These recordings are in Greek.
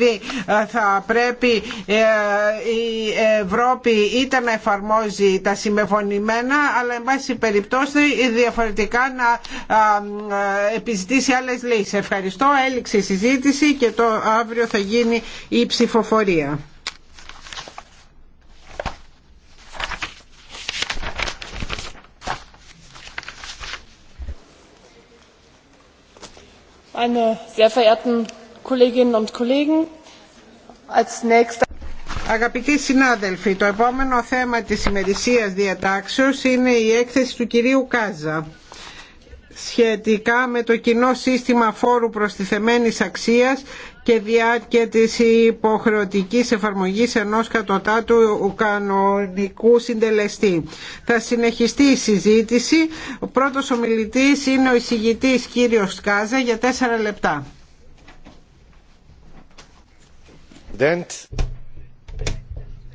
Δηλαδή ε, θα πρέπει ε, η Ευρώπη είτε να εφαρμόζει τα συμμεφωνημένα αλλά εν πάση περιπτώσει διαφορετικά να ε, επιζητήσει άλλες λύσεις. Ευχαριστώ. Έληξε η συζήτηση και το αύριο θα γίνει η ψηφοφορία. Meine sehr Αγαπητοί συνάδελφοι, το επόμενο θέμα της ημερησίας διατάξεως είναι η έκθεση του κυρίου Κάζα σχετικά με το κοινό σύστημα φόρου προστιθεμένης αξίας και διάρκεια της υποχρεωτικής εφαρμογής ενός κατωτάτου κανονικού συντελεστή. Θα συνεχιστεί η συζήτηση. Ο πρώτος ομιλητής είναι ο εισηγητής κύριος Κάζα για τέσσερα λεπτά.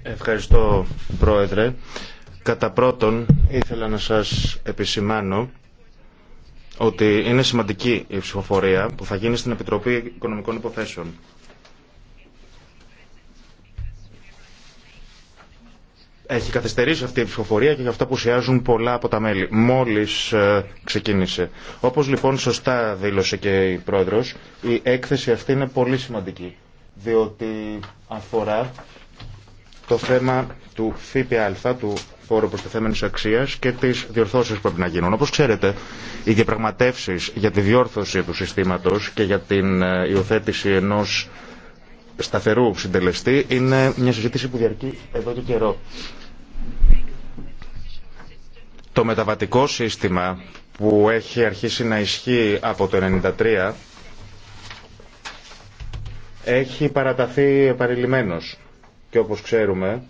Ευχαριστώ, Πρόεδρε. Κατά πρώτον, ήθελα να σας επισημάνω ότι είναι σημαντική η ψηφοφορία που θα γίνει στην Επιτροπή Οικονομικών Υποθέσεων. Έχει καθυστερήσει αυτή η ψηφοφορία και γι' αυτό απουσιάζουν πολλά από τα μέλη. Μόλις ε, ξεκίνησε. Όπως λοιπόν σωστά δήλωσε και η Πρόεδρος, η έκθεση αυτή είναι πολύ σημαντική διότι αφορά το θέμα του ΦΠΑ, του φόρου προστιθέμενης αξίας και τις διορθώσεις που πρέπει να γίνουν. Όπως ξέρετε, οι διαπραγματεύσει για τη διόρθωση του συστήματος και για την ε, υιοθέτηση ενός σταθερού συντελεστή είναι μια συζήτηση που διαρκεί εδώ και καιρό. Το μεταβατικό σύστημα που έχει αρχίσει να ισχύει από το 1993 έχει παραταθεί επαριλημμένος. Και όπως ξέρουμε,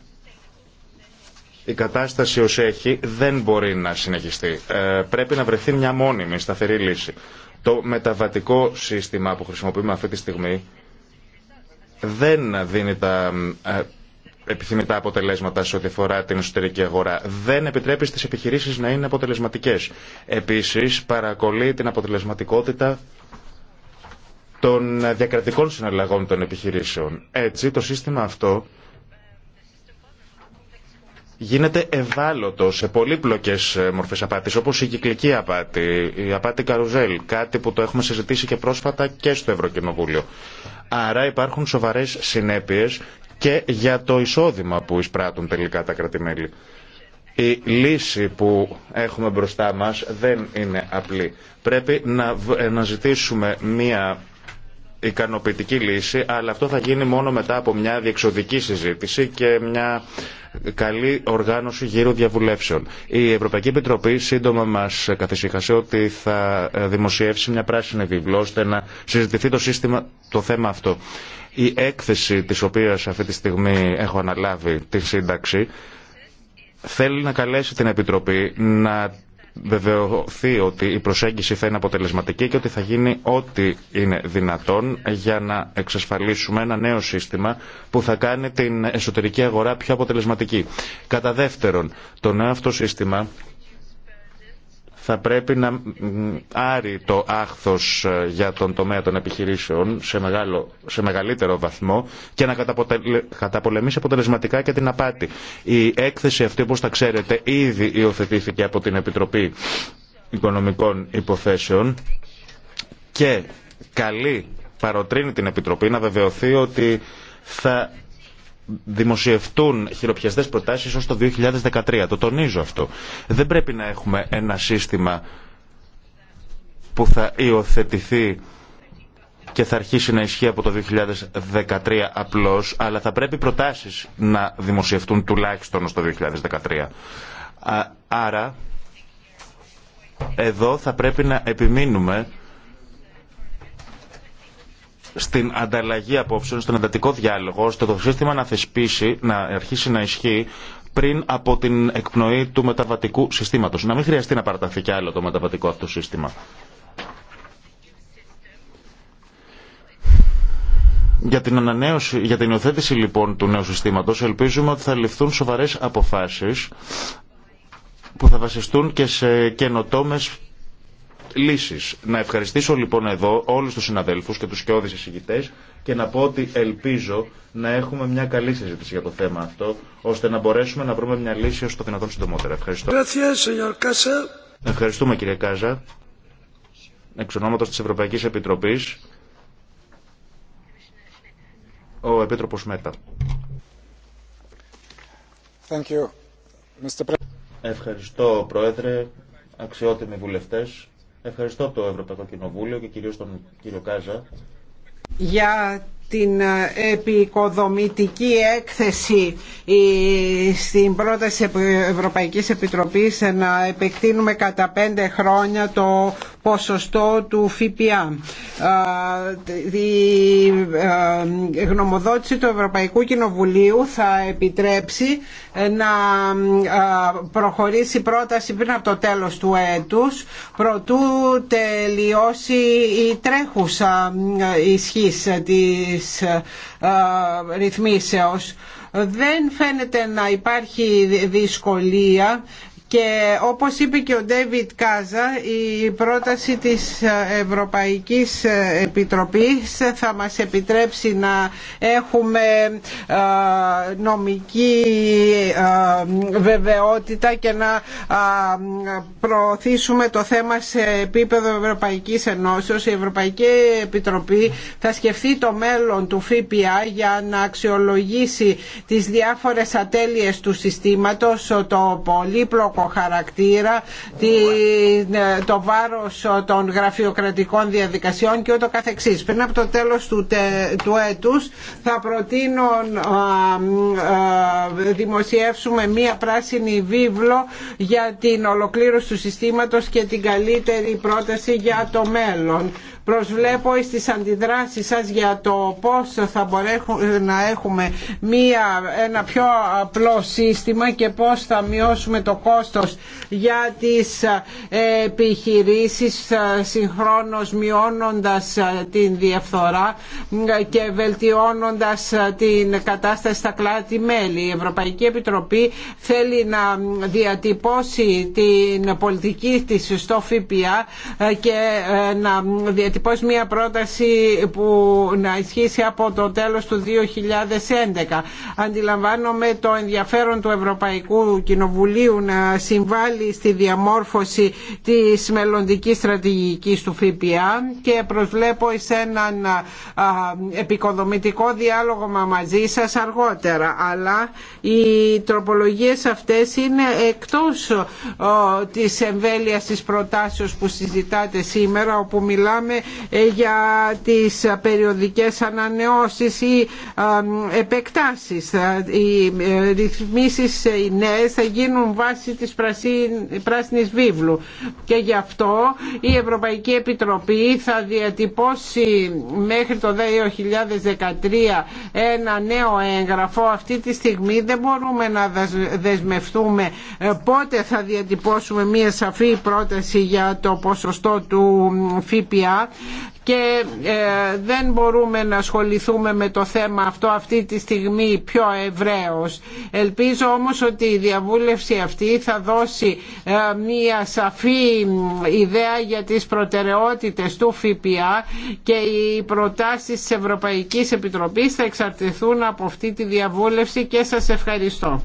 η κατάσταση ως έχει δεν μπορεί να συνεχιστεί. Ε, πρέπει να βρεθεί μια μόνιμη, σταθερή λύση. Το μεταβατικό σύστημα που χρησιμοποιούμε αυτή τη στιγμή δεν δίνει τα ε, επιθυμητά αποτελέσματα σε ό,τι αφορά την εσωτερική αγορά. Δεν επιτρέπει στις επιχειρήσεις να είναι αποτελεσματικές. Επίσης, παρακολεί την αποτελεσματικότητα των διακρατικών συναλλαγών των επιχειρήσεων. Έτσι, το σύστημα αυτό γίνεται ευάλωτο σε πολύπλοκες ε, μορφές απάτης, όπως η κυκλική απάτη, η απάτη καρουζέλ, κάτι που το έχουμε συζητήσει και πρόσφατα και στο Ευρωκοινοβούλιο. Άρα υπάρχουν σοβαρές συνέπειες και για το εισόδημα που εισπράττουν τελικά τα κρατημέλη. Η λύση που έχουμε μπροστά μας δεν είναι απλή. Πρέπει να, ε, να ζητήσουμε μία ικανοποιητική λύση, αλλά αυτό θα γίνει μόνο μετά από μια διεξοδική συζήτηση και μια καλή οργάνωση γύρω διαβουλεύσεων. Η Ευρωπαϊκή Επιτροπή σύντομα μα καθησύχασε ότι θα δημοσιεύσει μια πράσινη βιβλό ώστε να συζητηθεί το, σύστημα, το θέμα αυτό. Η έκθεση της οποίας αυτή τη στιγμή έχω αναλάβει τη σύνταξη θέλει να καλέσει την Επιτροπή να βεβαιωθεί ότι η προσέγγιση θα είναι αποτελεσματική και ότι θα γίνει ό,τι είναι δυνατόν για να εξασφαλίσουμε ένα νέο σύστημα που θα κάνει την εσωτερική αγορά πιο αποτελεσματική. Κατά δεύτερον, το νέο αυτό σύστημα θα πρέπει να άρει το άχθος ε, για τον τομέα των επιχειρήσεων σε, μεγάλο, σε μεγαλύτερο βαθμό και να καταπολεμήσει αποτελεσματικά και την απάτη. Η έκθεση αυτή, όπως τα ξέρετε, ήδη υιοθετήθηκε από την Επιτροπή Οικονομικών Υποθέσεων και καλή παροτρύνει την Επιτροπή να βεβαιωθεί ότι θα δημοσιευτούν χειροπιαστέ προτάσεις ω το 2013. Το τονίζω αυτό. Δεν πρέπει να έχουμε ένα σύστημα που θα υιοθετηθεί και θα αρχίσει να ισχύει από το 2013 απλώς, αλλά θα πρέπει προτάσεις να δημοσιευτούν τουλάχιστον το 2013. Άρα, εδώ θα πρέπει να επιμείνουμε στην ανταλλαγή απόψεων, στον εντατικό διάλογο, στο το σύστημα να θεσπίσει, να αρχίσει να ισχύει πριν από την εκπνοή του μεταβατικού συστήματος. Να μην χρειαστεί να παραταθεί κι άλλο το μεταβατικό αυτό σύστημα. Για την, ανανέωση, για την υιοθέτηση λοιπόν του νέου συστήματος ελπίζουμε ότι θα ληφθούν σοβαρές αποφάσεις που θα βασιστούν και σε καινοτόμε λύσεις. Να ευχαριστήσω λοιπόν εδώ όλους τους συναδέλφους και τους σκιώδει εισηγητέ και να πω ότι ελπίζω να έχουμε μια καλή συζήτηση για το θέμα αυτό, ώστε να μπορέσουμε να βρούμε μια λύση όσο το δυνατόν συντομότερα. Ευχαριστώ. Ευχαριστούμε κύριε Κάζα. Εξ ονόματο τη Ευρωπαϊκή Επιτροπή, ο επίτροπο Μέτα. Ευχαριστώ Πρόεδρε, αξιότιμοι βουλευτές. Ευχαριστώ το Ευρωπαϊκό Κοινοβούλιο και κυρίως τον κύριο Κάζα για την ε, επικοδομητική έκθεση ε, στην πρόταση Ευρωπαϊκής Επιτροπής να επεκτείνουμε κατά πέντε χρόνια το ποσοστό του ΦΠΑ. Η ε, γνωμοδότηση του Ευρωπαϊκού Κοινοβουλίου θα επιτρέψει να προχωρήσει πρόταση πριν από το τέλος του έτους προτού τελειώσει η τρέχουσα ισχύς της της ε, ε, ρυθμίσεως. Δεν φαίνεται να υπάρχει δυσκολία και όπως είπε και ο Ντέβιτ Κάζα η πρόταση της Ευρωπαϊκής Επιτροπής θα μας επιτρέψει να έχουμε νομική βεβαιότητα και να προωθήσουμε το θέμα σε επίπεδο Ευρωπαϊκής Ενώσεως. Η Ευρωπαϊκή Επιτροπή θα σκεφτεί το μέλλον του ΦΠΑ για να αξιολογήσει τις διάφορες ατέλειες του συστήματος, το πολύπλοκο χαρακτήρα, ε, το βάρος ε, των γραφειοκρατικών διαδικασιών και ούτω καθεξής. Πριν από το τέλος του, του έτους θα προτείνω να ε, δημοσιεύσουμε μία πράσινη βίβλο για την ολοκλήρωση του συστήματος και την καλύτερη πρόταση για το μέλλον. Προσβλέπω στις αντιδράσεις σας για το πώς θα μπορέσουμε να έχουμε μία, ένα πιο απλό σύστημα και πώς θα μειώσουμε το κόστος για τις ε, επιχειρήσεις ε, συγχρόνως μειώνοντας ε, την διαφθορά και βελτιώνοντας την κατάσταση στα κλάτη μελη Η Ευρωπαϊκή Επιτροπή θέλει να διατυπώσει την πολιτική της στο ΦΠΑ και να διατυπώσει μια πρόταση που να ισχύσει από το τέλος του 2011. Αντιλαμβάνομαι το ενδιαφέρον του Ευρωπαϊκού Κοινοβουλίου να συμβάλλει στη διαμόρφωση της μελλοντικής στρατηγικής του ΦΠΑ και προσβλέπω σε έναν επικοδομητικό διάλογο μαζί σας αργότερα. Αλλά οι τροπολογίες αυτές είναι εκτός της εμβέλειας της προτάσεως που συζητάτε σήμερα όπου μιλάμε ε, για τις περιοδικές ανανεώσεις ή επεκτάσεις. Οι ε, ρυθμίσεις ε, οι νέες θα γίνουν βαση της πράσινης βίβλου και γι' αυτό η Ευρωπαϊκή Επιτροπή θα διατυπώσει μέχρι το 2013 ένα νέο έγγραφο. Αυτή τη στιγμή δεν μπορούμε να δεσμευτούμε πότε θα διατυπώσουμε μια σαφή πρόταση για το ποσοστό του ΦΠΑ και ε, δεν μπορούμε να ασχοληθούμε με το θέμα αυτό αυτή τη στιγμή πιο ευρέως. Ελπίζω όμως ότι η διαβούλευση αυτή θα δώσει ε, μια σαφή ιδέα για τις προτεραιότητες του ΦΠΑ και οι προτάσεις της Ευρωπαϊκής Επιτροπής θα εξαρτηθούν από αυτή τη διαβούλευση και σας ευχαριστώ.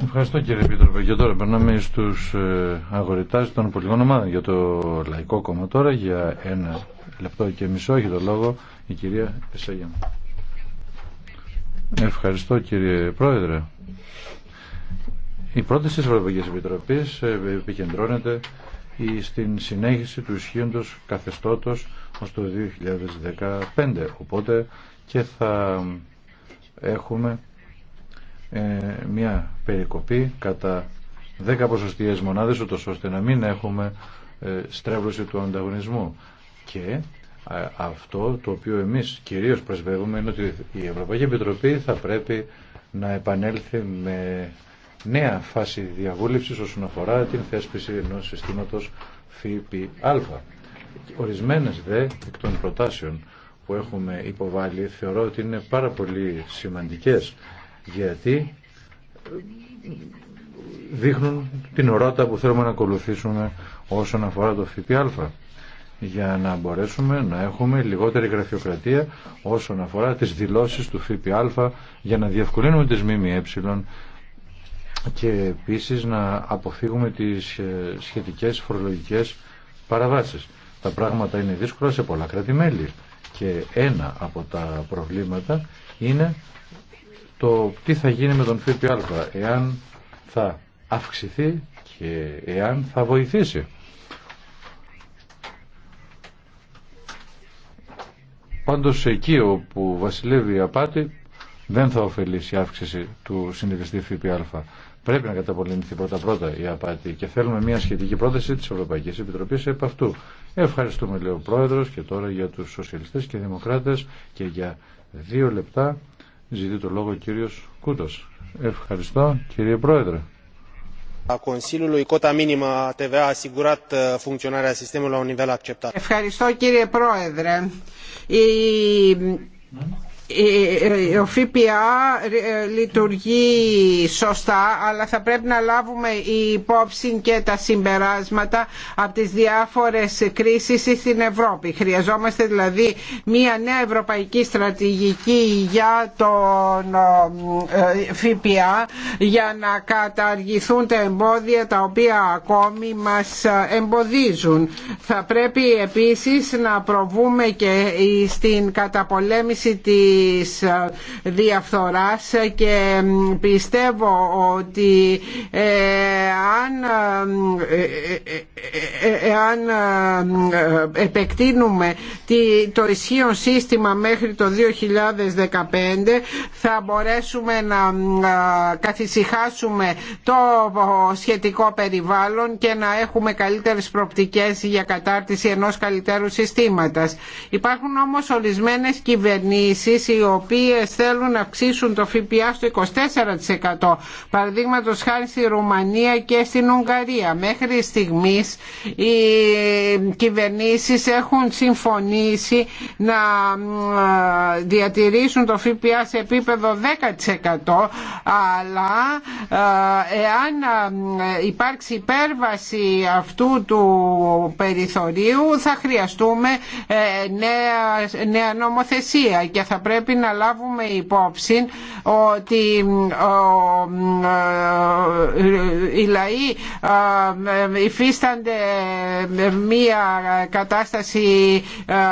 Ευχαριστώ κύριε Επίτροπε. Και τώρα περνάμε στους ε, αγορητάς των πολιτικών ομάδων για το Λαϊκό Κόμμα τώρα για ένα λεπτό και μισό έχει το λόγο η κυρία Εσέγια. Ευχαριστώ κύριε Πρόεδρε. Η πρόταση της Ευρωπαϊκής Επιτροπής ε, επικεντρώνεται στην συνέχιση του ισχύοντος καθεστώτος ως το 2015. Οπότε και θα έχουμε ε, μια περικοπή κατά 10 ποσοστιαίες μονάδες ούτως ώστε να μην έχουμε ε, στρέβλωση του ανταγωνισμού και ε, αυτό το οποίο εμείς κυρίως πρεσβεύουμε είναι ότι η Ευρωπαϊκή Επιτροπή θα πρέπει να επανέλθει με νέα φάση διαβούλευσης όσον αφορά την θέσπιση ενός συστήματος ΦΠΑ. Ορισμένες δε εκ των προτάσεων που έχουμε υποβάλει θεωρώ ότι είναι πάρα πολύ σημαντικές γιατί δείχνουν την ορότα που θέλουμε να ακολουθήσουμε όσον αφορά το ΦΠΑ για να μπορέσουμε να έχουμε λιγότερη γραφειοκρατία όσον αφορά τις δηλώσεις του ΦΠΑ για να διευκολύνουμε τις ΜΜΕ και επίσης να αποφύγουμε τις ε, σχετικές φορολογικές παραβάσεις. Τα πράγματα είναι δύσκολα σε πολλά κράτη-μέλη και ένα από τα προβλήματα είναι το τι θα γίνει με τον ΦΠΑ, εάν θα αυξηθεί και εάν θα βοηθήσει. Πάντως εκεί όπου βασιλεύει η απάτη δεν θα ωφελήσει η αύξηση του συνδυαστή ΦΠΑ. Πρέπει να καταπολεμηθεί πρώτα πρώτα η απάτη και θέλουμε μια σχετική πρόταση της Ευρωπαϊκής Επιτροπής επ' αυτού. Ευχαριστούμε λέει ο Πρόεδρος και τώρα για τους σοσιαλιστές και δημοκράτες και για δύο λεπτά Ζητεί το λόγο ο κύριος Κούτος. Ευχαριστώ κύριε Πρόεδρε. A Consiliului, cota minimă a TVA a asigurat funcționarea sistemului la un nivel acceptat. Ευχαριστώ κύριε Πρόεδρε. Η ο ΦΠΑ ε, λειτουργεί σωστά αλλά θα πρέπει να λάβουμε υπόψη και τα συμπεράσματα από τις διάφορες κρίσεις στην Ευρώπη. Χρειαζόμαστε δηλαδή μια νέα ευρωπαϊκή στρατηγική για τον ε, ε, ΦΠΑ για να καταργηθούν τα εμπόδια τα οποία ακόμη μας εμποδίζουν. Θα πρέπει επίσης να προβούμε και στην καταπολέμηση της της ε, διαφθοράς και πιστεύω ότι ε, αν, ε, αν επεκτείνουμε το ισχύον σύστημα μέχρι το 2015 θα μπορέσουμε να καθησυχάσουμε το σχετικό περιβάλλον και να έχουμε καλύτερες προπτικές για κατάρτιση ενός καλύτερου συστήματος. Υπάρχουν όμως ορισμένες κυβερνήσεις οι οποίες θέλουν να αυξήσουν το ΦΠΑ στο 24%. Παραδείγματος χάρη στη Ρουμανία και στην Ουγγαρία. Μέχρι στιγμής οι κυβερνήσεις έχουν συμφωνήσει να διατηρήσουν το ΦΠΑ σε επίπεδο 10% αλλά ε, εάν ε, υπάρξει υπέρβαση αυτού του περιθωρίου θα χρειαστούμε ε, νέα, νέα νομοθεσία και θα πρέπει πρέπει να λάβουμε υπόψη ότι ε, οι λαοί ε, ε, υφίστανται μία κατάσταση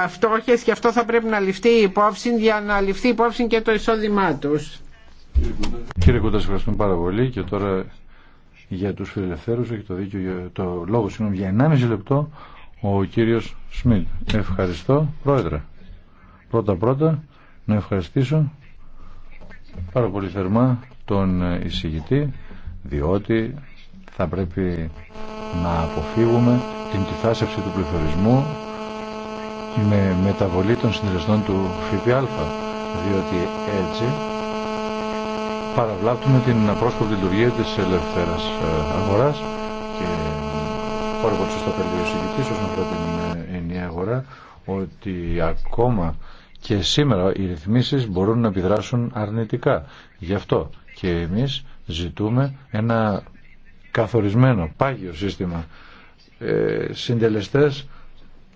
φτώχειας και αυτό θα πρέπει να ληφθεί υπόψη για να ληφθεί υπόψη και το εισόδημά τους. Κύριε Κούτα, ευχαριστούμε πάρα πολύ και τώρα για τους φιλελευθέρους έχει το, δίκιο, το λόγο συγγνώμη, για 1,5 λεπτό ο κύριος Σμιτ. Ευχαριστώ, Πρόεδρε. Πρώτα-πρώτα να ευχαριστήσω πάρα πολύ θερμά τον εισηγητή διότι θα πρέπει να αποφύγουμε την τυθάσευση του πληθωρισμού με μεταβολή των συνδυαστών του ΦΠΑ διότι έτσι παραβλάπτουμε την απρόσκοπτη λειτουργία της ελευθέρας ε, αγοράς και πάρα πολύ σωστά ο εισηγητής όσον αφορά την ε, ενιαία αγορά ότι ακόμα και σήμερα οι ρυθμίσεις μπορούν να επιδράσουν αρνητικά. Γι' αυτό και εμείς ζητούμε ένα καθορισμένο, πάγιο σύστημα ε, συντελεστές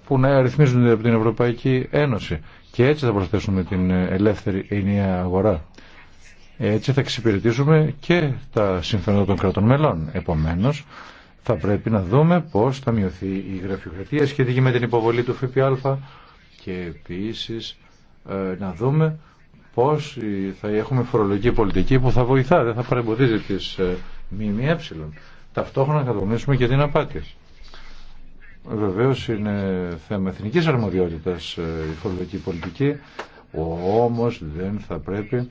που να ρυθμίζονται από την Ευρωπαϊκή Ένωση. Και έτσι θα προσθέσουμε την ελεύθερη ενιαία αγορά. Έτσι θα εξυπηρετήσουμε και τα συμφέροντα των κρατών μελών. Επομένως, θα πρέπει να δούμε πώς θα μειωθεί η γραφειοκρατία σχετική με την υποβολή του ΦΠΑ και επίσης ε, να δούμε πώς θα έχουμε φορολογική πολιτική που θα βοηθά, δεν θα παρεμποδίζει τις ε, ΜΜΕ. Ταυτόχρονα θα δομήσουμε και την απάτη. Ε, Βεβαίω, είναι θέμα εθνικής αρμοδιότητας η φορολογική πολιτική, όμως δεν θα πρέπει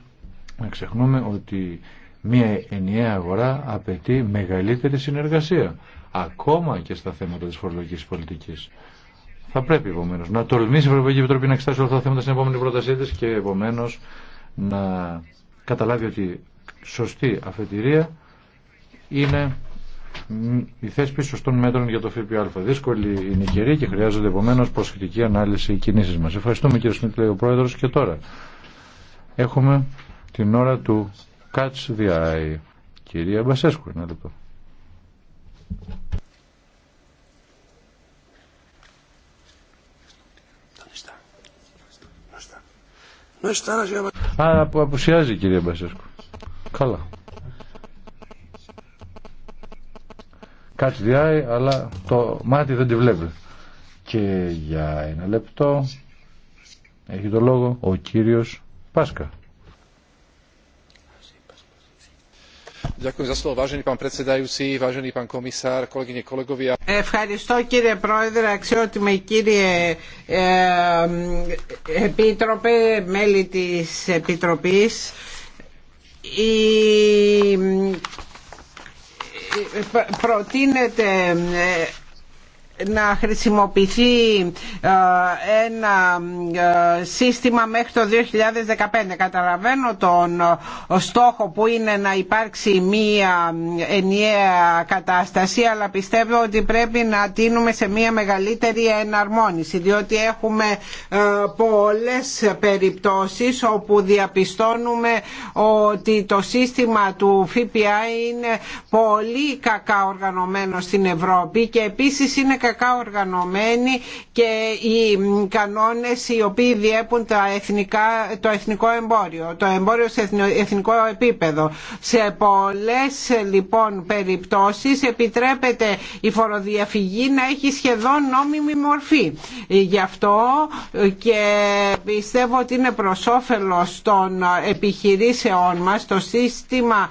να ξεχνούμε ότι μια ενιαία αγορά απαιτεί μεγαλύτερη συνεργασία, ακόμα και στα θέματα της φορολογικής πολιτικής. Θα πρέπει επομένω να τολμήσει η Ευρωπαϊκή Επιτροπή να εξετάσει όλα αυτά τα θέματα στην επόμενη πρότασή τη και επομένω να καταλάβει ότι σωστή αφετηρία είναι η θέσπιση σωστών μέτρων για το ΦΠΑ. Δύσκολη είναι η καιρή και χρειάζονται επομένω προσεκτική ανάλυση οι κινήσει μα. Ευχαριστούμε κύριε Σνίτλε, ο πρόεδρο. Και τώρα έχουμε την ώρα του Catch the Eye. Κυρία Μπασέσκου, ένα λεπτό. Α, που απουσιάζει η κυρία Μπασέσκου. Καλά. Κάτι διάει, αλλά το μάτι δεν τη βλέπει. Και για ένα λεπτό έχει το λόγο ο κύριος Πάσκα. Ευχαριστώ κύριε Πρόεδρε, αξιότιμε κύριε Επίτροπε, μέλη της Επιτροπής. Η προτείνεται να χρησιμοποιηθεί ε, ένα ε, σύστημα μέχρι το 2015. Καταλαβαίνω τον ε, στόχο που είναι να υπάρξει μία ενιαία κατάσταση αλλά πιστεύω ότι πρέπει να τίνουμε σε μία μεγαλύτερη εναρμόνιση διότι έχουμε πολλές περιπτώσεις όπου διαπιστώνουμε ότι το σύστημα του ΦΠΑ είναι πολύ κακά οργανωμένο στην Ευρώπη και επίσης είναι κακά οργανωμένοι και οι κανόνες οι οποίοι διέπουν τα εθνικά, το εθνικό εμπόριο, το εμπόριο σε εθνικό επίπεδο. Σε πολλές λοιπόν περιπτώσεις επιτρέπεται η φοροδιαφυγή να έχει σχεδόν νόμιμη μορφή. Γι' αυτό και πιστεύω ότι είναι προς όφελος των επιχειρήσεών μας το σύστημα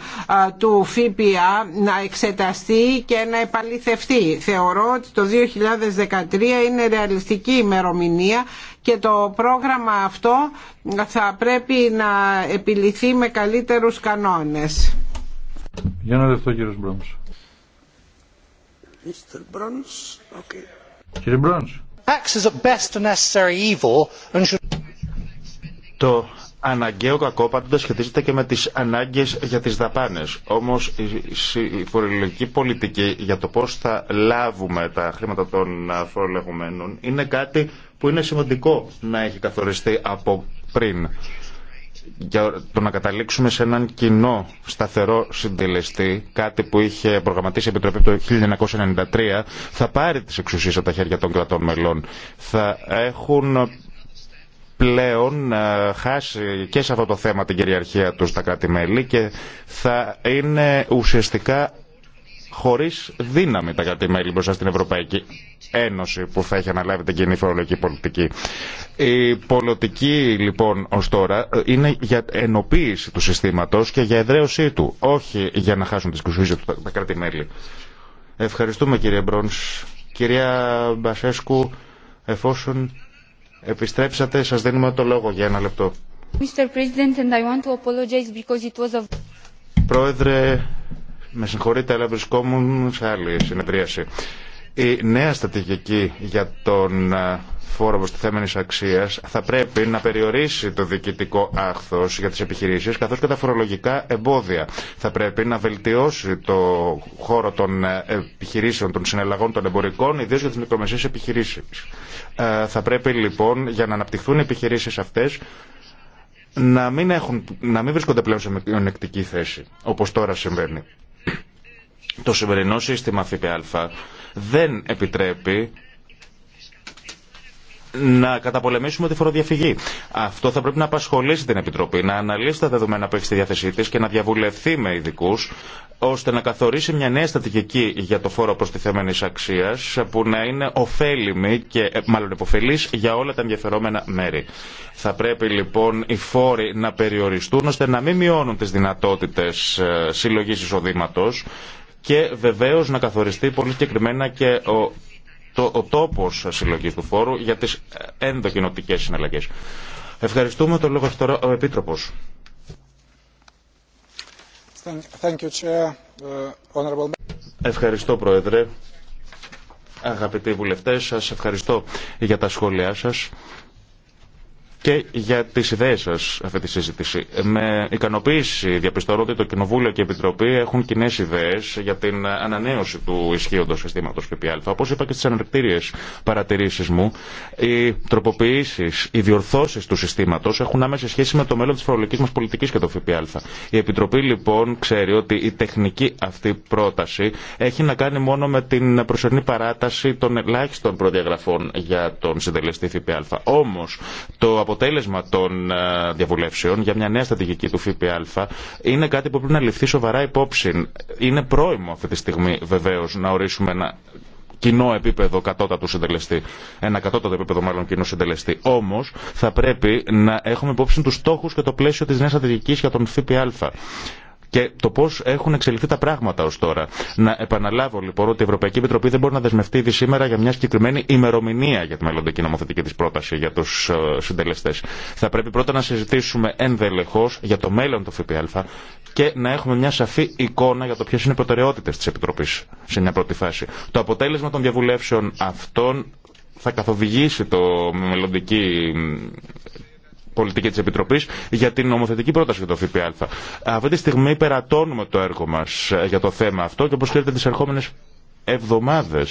του ΦΠΑ να εξεταστεί και να επαληθευτεί. Θεωρώ ότι το 2013 είναι ρεαλιστική ημερομηνία και το πρόγραμμα αυτό θα πρέπει να επιληθεί με καλύτερους κανόνες. Για να δευτώ κύριος Μπρόνς. Κύριε Μπρόνς. Το αναγκαίο κακό πάντοτε σχετίζεται και με τις ανάγκες για τις δαπάνες. Όμως η φορολογική πολιτική για το πώ θα λάβουμε τα χρήματα των φορολογουμένων είναι κάτι που είναι σημαντικό να έχει καθοριστεί από πριν για το να καταλήξουμε σε έναν κοινό σταθερό συντελεστή, κάτι που είχε προγραμματίσει η Επιτροπή το 1993, θα πάρει τις εξουσίες από τα χέρια των κρατών μελών. Θα έχουν πλέον ε, χάσει και σε αυτό το θέμα την κυριαρχία του στα κράτη-μέλη και θα είναι ουσιαστικά χωρίς δύναμη τα κράτη-μέλη μπροστά στην Ευρωπαϊκή Ένωση που θα έχει αναλάβει την κοινή φορολογική πολιτική. Η πολιτική λοιπόν ως τώρα ε, είναι για ενοποίηση του συστήματος και για εδραίωσή του, όχι για να χάσουν τις κουσίες του τα κράτη-μέλη. Ευχαριστούμε κύριε Μπρόνς. Κυρία Μπασέσκου, εφόσον Επιστρέψατε, σας δίνουμε το λόγο για ένα λεπτό. Πρόεδρε, με συγχωρείτε, αλλά βρισκόμουν σε άλλη συνεδρίαση. Η νέα στρατηγική για τον ε, φόρο προστιθέμενη αξία θα πρέπει να περιορίσει το διοικητικό άχθο για τι επιχειρήσει καθώ και τα φορολογικά εμπόδια. Θα πρέπει να βελτιώσει το χώρο των επιχειρήσεων, των συναλλαγών των εμπορικών, ιδίω για τι μικρομεσαίε επιχειρήσει. Ε, θα πρέπει λοιπόν για να αναπτυχθούν οι επιχειρήσει αυτέ να μην, να μην βρίσκονται πλέον σε μειονεκτική θέση, όπω τώρα συμβαίνει. Το σημερινό σύστημα ΦΠΑ δεν επιτρέπει να καταπολεμήσουμε τη φοροδιαφυγή. Αυτό θα πρέπει να απασχολήσει την Επιτροπή, να αναλύσει τα δεδομένα που έχει στη διάθεσή τη και να διαβουλευθεί με ειδικού ώστε να καθορίσει μια νέα στρατηγική για το φόρο προστιθέμενης αξία, που να είναι ωφέλιμη και ε, μάλλον υποφελή για όλα τα ενδιαφερόμενα μέρη. Θα πρέπει λοιπόν οι φόροι να περιοριστούν ώστε να μην μειώνουν τι δυνατότητε ε, συλλογή εισοδήματο και βεβαίω να καθοριστεί πολύ συγκεκριμένα και ο το, ο τόπο συλλογή του φόρου για τις ενδοκινοτικές συναλλαγέ. Ευχαριστούμε τον λόγο τώρα ο επίτροπο. Uh, ευχαριστώ, Πρόεδρε. Αγαπητοί βουλευτές, σας ευχαριστώ για τα σχόλιά σας και για τις ιδέες σα, αυτή τη συζήτηση. Με ικανοποίηση διαπιστωρώ ότι το Κοινοβούλιο και η Επιτροπή έχουν κοινέ ιδέε για την ανανέωση του ισχύοντος συστήματο ΦΠΑ. όπω είπα και στις αναρτήριε παρατηρήσει μου, οι τροποποιήσεις, οι διορθώσει του συστήματο έχουν άμεση σχέση με το μέλλον τη φορολογική μα πολιτική και το ΦΠΑ. Η Επιτροπή λοιπόν ξέρει ότι η τεχνική αυτή πρόταση έχει να κάνει μόνο με την προσωρινή παράταση των ελάχιστων προδιαγραφών για τον συντελεστή ΦΠΑ. Όμως, το το αποτέλεσμα των ε, διαβουλεύσεων για μια νέα στρατηγική του ΦΠΑ είναι κάτι που πρέπει να ληφθεί σοβαρά υπόψη. Είναι πρόημο αυτή τη στιγμή βεβαίω να ορίσουμε ένα κοινό επίπεδο κατώτατου συντελεστή. Ένα κατώτατο επίπεδο μάλλον κοινού συντελεστή. Όμω θα πρέπει να έχουμε υπόψη του στόχου και το πλαίσιο τη νέα στρατηγική για τον ΦΠΑ και το πώ έχουν εξελιχθεί τα πράγματα ω τώρα. Να επαναλάβω λοιπόν ότι η Ευρωπαϊκή Επιτροπή δεν μπορεί να δεσμευτεί ήδη σήμερα για μια συγκεκριμένη ημερομηνία για τη μελλοντική νομοθετική τη πρόταση για του ε, συντελεστέ. Θα πρέπει πρώτα να συζητήσουμε ενδελεχώ για το μέλλον του ΦΠΑ και να έχουμε μια σαφή εικόνα για το ποιε είναι οι προτεραιότητε τη Επιτροπή σε μια πρώτη φάση. Το αποτέλεσμα των διαβουλεύσεων αυτών θα καθοδηγήσει το μελλοντική πολιτική τη Επιτροπή για την νομοθετική πρόταση για το ΦΠΑ. Αυτή τη στιγμή περατώνουμε το έργο μα ε, για το θέμα αυτό και όπω ξέρετε τι ερχόμενε εβδομάδε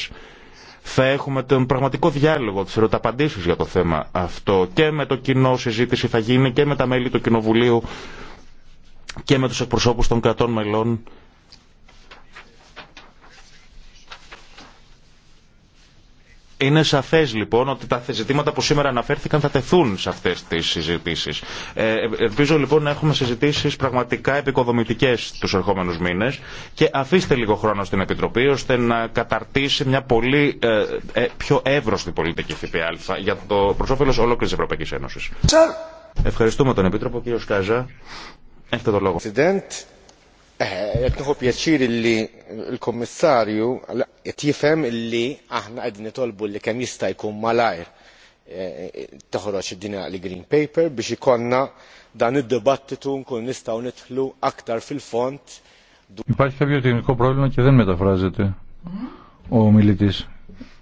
θα έχουμε τον πραγματικό διάλογο, τις ερωταπαντήσεις για το θέμα αυτό και με το κοινό συζήτηση θα γίνει και με τα μέλη του Κοινοβουλίου και με τους εκπροσώπους των κρατών μελών Είναι σαφέ λοιπόν ότι τα ζητήματα που σήμερα αναφέρθηκαν θα τεθούν σε αυτέ τι συζητήσει. Ε, ελπίζω λοιπόν να έχουμε συζητήσει πραγματικά επικοδομητικέ του ερχόμενου μήνε και αφήστε λίγο χρόνο στην Επιτροπή ώστε να καταρτήσει μια πολύ ε, ε, πιο εύρωστη πολιτική ΦΠΑ για το προ ολόκληρη Ευρωπαϊκή Ένωση. Ευχαριστούμε τον Επίτροπο, κύριο Σκάζα. Έχετε το λόγο. Eh, Υπάρχει κάποιο τεχνικό πρόβλημα και δεν μεταφράζεται ο μιλητή.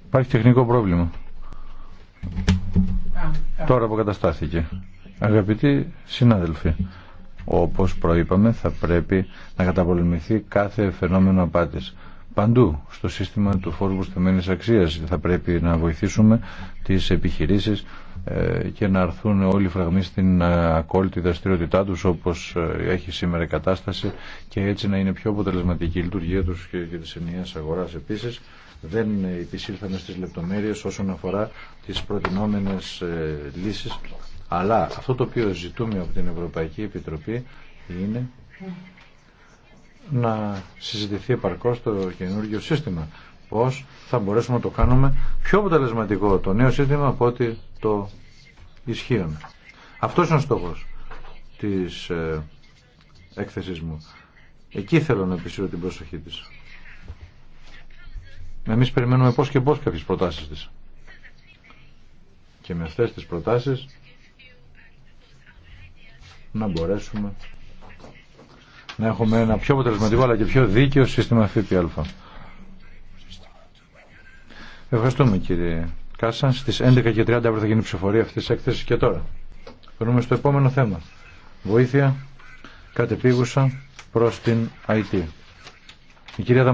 Υπάρχει τεχνικό πρόβλημα. Τώρα αποκαταστάθηκε. Αγαπητοί συνάδελφοι. Όπως προείπαμε θα πρέπει να καταπολεμηθεί κάθε φαινόμενο απάτης. Παντού στο σύστημα του φόρου προσθεμένης αξίας θα πρέπει να βοηθήσουμε τις επιχειρήσεις ε, και να αρθούν όλοι οι φραγμοί στην ε, ακόλυτη δραστηριότητά τους όπως ε, έχει σήμερα η κατάσταση και έτσι να είναι πιο αποτελεσματική η λειτουργία τους και της ενιαίας αγοράς επίσης δεν επισήλθαμε στις λεπτομέρειες όσον αφορά τις προτινόμενες λύσεις αλλά αυτό το οποίο ζητούμε από την Ευρωπαϊκή Επιτροπή είναι να συζητηθεί επαρκώς το καινούργιο σύστημα. Πώς θα μπορέσουμε να το κάνουμε πιο αποτελεσματικό το νέο σύστημα από ότι το ισχύον. Αυτός είναι ο στόχος της ε, έκθεσης μου. Εκεί θέλω να επισύρω την προσοχή της. Εμείς περιμένουμε πώς και πώς κάποιες προτάσεις της. Και με αυτές τις προτάσεις να μπορέσουμε να έχουμε ένα πιο αποτελεσματικό αλλά και πιο δίκαιο σύστημα ΦΠΑ. Ευχαριστούμε κύριε Κάσα. Στις 11.30 αύριο θα γίνει ψηφορία αυτής της έκθεσης και τώρα. Περνούμε στο επόμενο θέμα. Βοήθεια κατεπίγουσα προς την IT. Η κυρία